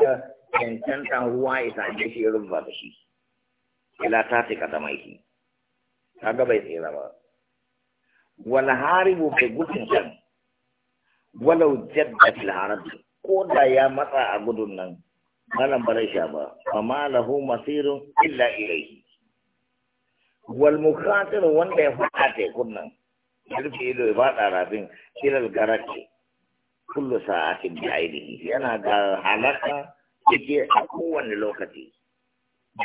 da cancantan ruwa ya same shi irin ba da shi ila ta ce ka zama shi gaba bai tsira ba wal haribu bai gudun can walau jadda fil harabi ko da ya matsa a gudun nan malam bare sha ba amma lahu masirun illa ilaihi wal mukhatir wanda ya fada tekun nan ya rufe ido ya fada rafin ilal garaki kullu sa'atin bi ainihi yana da halaka yake a kowane lokaci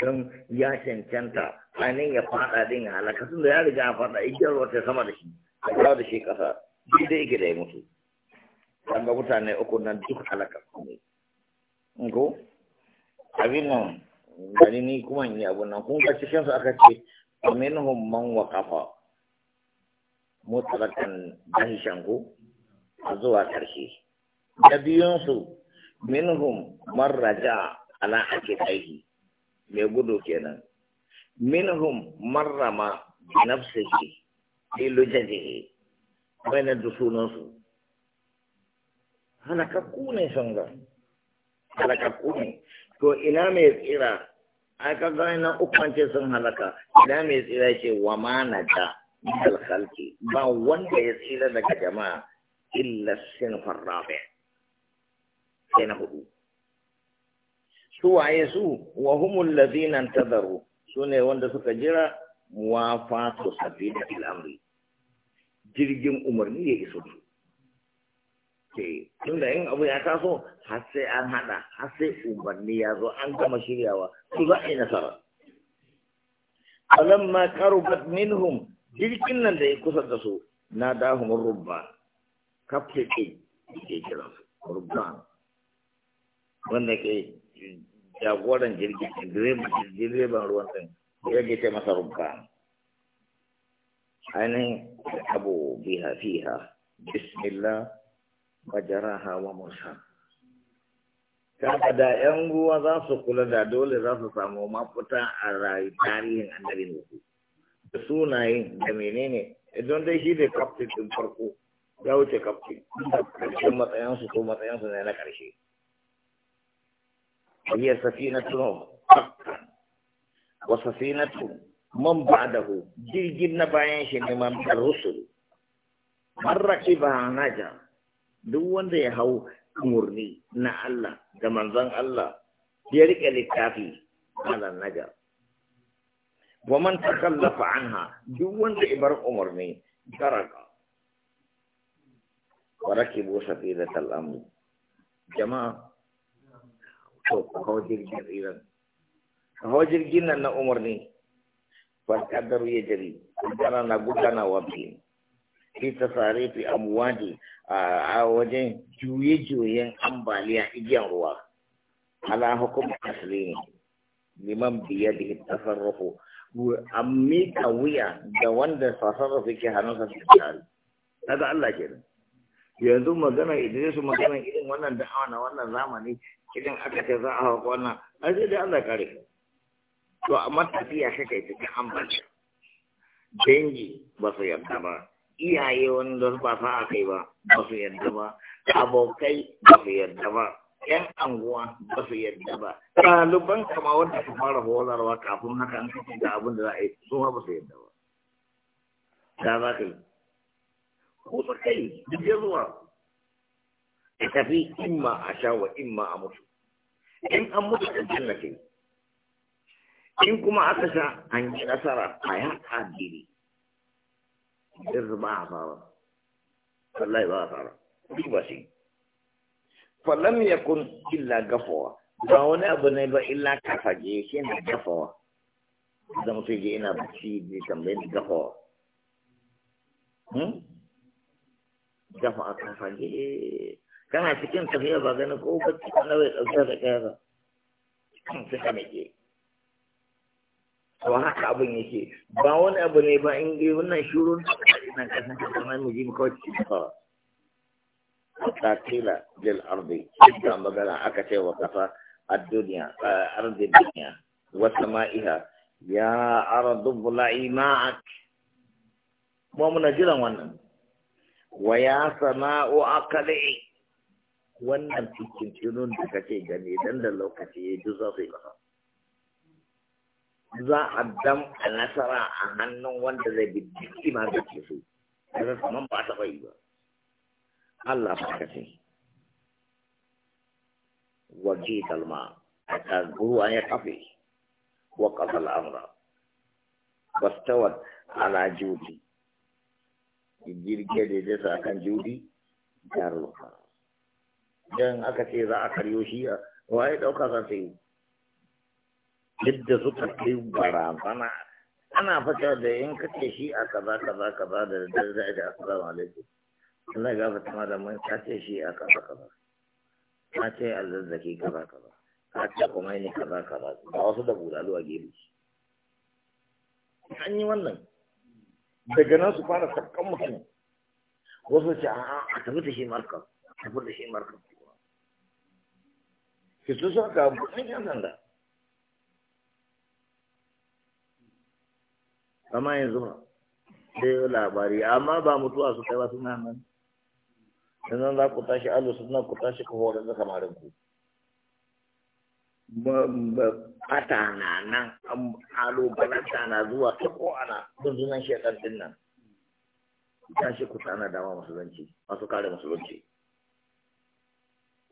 don ya cancanta ainihin ya fada din halaka tun da ya riga ya fada igiyar wata sama da shi a kawo da shi kasa duk da yake da ya mutu an ga mutane uku nan duk halaka ne ko abin nan gani ni kuma ni abu nan kun ga cikin su aka ce minhum man waqafa a dahishan ko zuwa karshe da biyunsu minhum man raja ala aiki, me gudu kenan minhum man rama bi nafsihi bi lujajihi bayna dusunansu halakakku ne sanga ga halakakku ne to ina me tsira ai ka ga ina ukwance sun halaka ina me tsira ce wa ma naja min ba wanda ya tsira daga jama'a illa sinfar rabi' sai hudu su waye su wa humul ladina tadaru su ne wanda suka jira muwafatu sabila da ilamri. jirgin umarni ya iso su ke tunda in abu ya taso har sai an hada har sai umarni ya zo an gama shiryawa su za a yi nasara karu karubat minhum jirgin nan da ya kusa da su na dahum rubba kafin ke ke su, rubba wanda ke jagoran jirgin direban ruwan sun ya ke ce masa rubka ainihin abu biha fiha bismillah majaraha wa musa kaga da yan ruwa za su kula da dole za su samu mafuta a rayu tarihin annabin wasu da sunayen da menene idan dai shi ne kaftin din farko ya wuce kaftin da karshen matsayansu ko matsayansu ne na karshe وهي سفينة نوح وسفينة من بعده جلجل نبعين شنما من الرسل من ركبها نجا دوان دي هو مرني نا الله دمان ذن الله يريك للتافي على النجا ومن تخلف عنها دوان دي إبر عمرني جرق وركبوا سفينة الأمن جماعة to ko jirgin iran ko jirgin nan na umar ne fa kadar ya jari kana na guka na wabi ki ta sare fi amwadi a wajen juye juyen ambaliya igiyan ruwa ala hukum asli liman biyadi tasarrufu amma Ammi, kawiya, da wanda tasarrufi ke hannunsa su tsari kada Allah kenan yanzu magana idan su magana irin wannan da'awa na wannan zamani idan aka ce za a hau wannan a zai da Allah kare to amma tafiya shi kai cikin ambaci dangi ba su yarda ba iyaye wani da ba sa a kai ba ba su yarda ba abokai ba su yarda ba yan anguwa ba su yarda ba ɗaliban kama wanda su fara horarwa kafin haka an kace da abin da za a yi su ba su yarda ba da za ka yi ko kai duk ya zuwa ka tafi imma a sha wa imma a mutu in an mutu da jannatin in kuma aka sha an yi nasara a ya addini yanzu ba a fara wallahi ba a fara ba shi falam yakun illa gafawa ba wani abu ne ba illa kafaje shi ne gafawa da mutum je ina bacci zai tambayin gafawa hmm? gafa a kafaje kana cikin tafiya ba gani ko bacci ba nawai ɗauke da kai ba kan fita da ke to haka abin yake ba wani abu ne ba in ga wannan shurun na ina kasan ka zama mu ji mu kawai cikin ba takila jil ardi da magana aka ce wa kafa ad-dunya ardi dunya wa sama'iha ya ardu bula'i ma'ak mu muna jiran wannan wa ya sama'u aqli wannan cikin da kake gani dan da lokaci ya ji za su yi za a dam a nasara a hannun wanda zai bi da ke so kaga saman ba ta bai ba Allah ba ka ce waje kalma a ruwa ya kafe wa kasal amra bastawar ala jirgin da ya sa kan judi ya rufa Idan aka ce za a karyo shi waye dauka san sai yi yadda suka kai barazana ana fata da in kace shi a kaza kaza kaza da da da assalamu alaikum Allah ya gafarta da mun kace shi a kaza kaza kace ce alzazzaki kaza kaza kace kuma ne kaza kaza ba wasu da bulalu a gefe an yi wannan daga nan su fara sakkan mutum wasu ce a tafi da shi marka tafi da shi marka. ki su so ka bukan yan sanda amma yanzu ba sai labari Ama ba mutuwa su kai ba suna nan anda za ku alu suna ku tashi ku horar da samarin ku bata na nan alu balanta na zuwa ta ko ana dundunan shekar din nan shi ku tana dama musulunci masu kare musulunci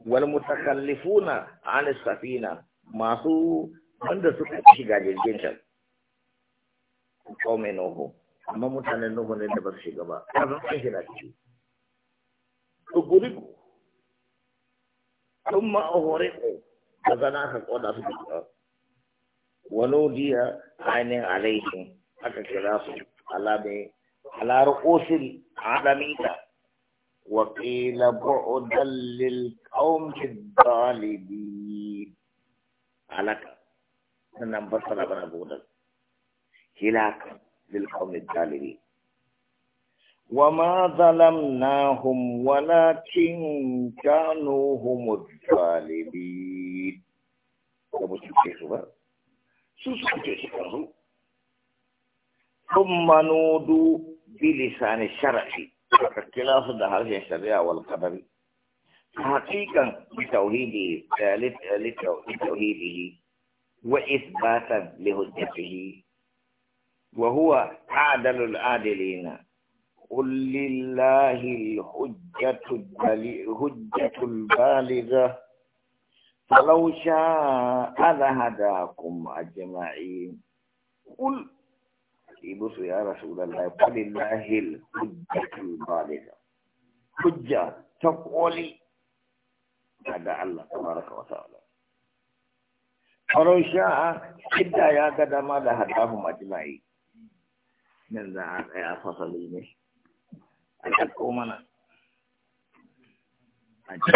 wal mutakallifuna an safina masu wanda suka shiga jirgin can kome noho amma mutanen noho ne da ba su shiga ba kafin an shiga ciki tuguriku sun ko da zana aka koda su da wani diya ainihin alaihin aka kira su alabe alar osil adamita وقيل بعدا للقوم الظالمين على كلام بصر ابن بعدا هلاك للقوم الظالمين وما ظلمناهم ولكن كانوا هم الظالمين أبو ثم نودوا بلسان الشرع كلا صد هذه الشريعة والقدر حقيقة لتوحيده لتوحيده وإثباتا لهجته وهو أعدل العادلين قل لله الحجة الحجة البالغة فلو شاء لهداكم أجمعين قل yi musu ya rasu da laifanin nahil hujjatul balika hujja ta koli ga Allah kamar ka wata wala sha'a idda ya ga dama da hadahu majma'i nan za a tsaya fasali ne a ƙarƙo mana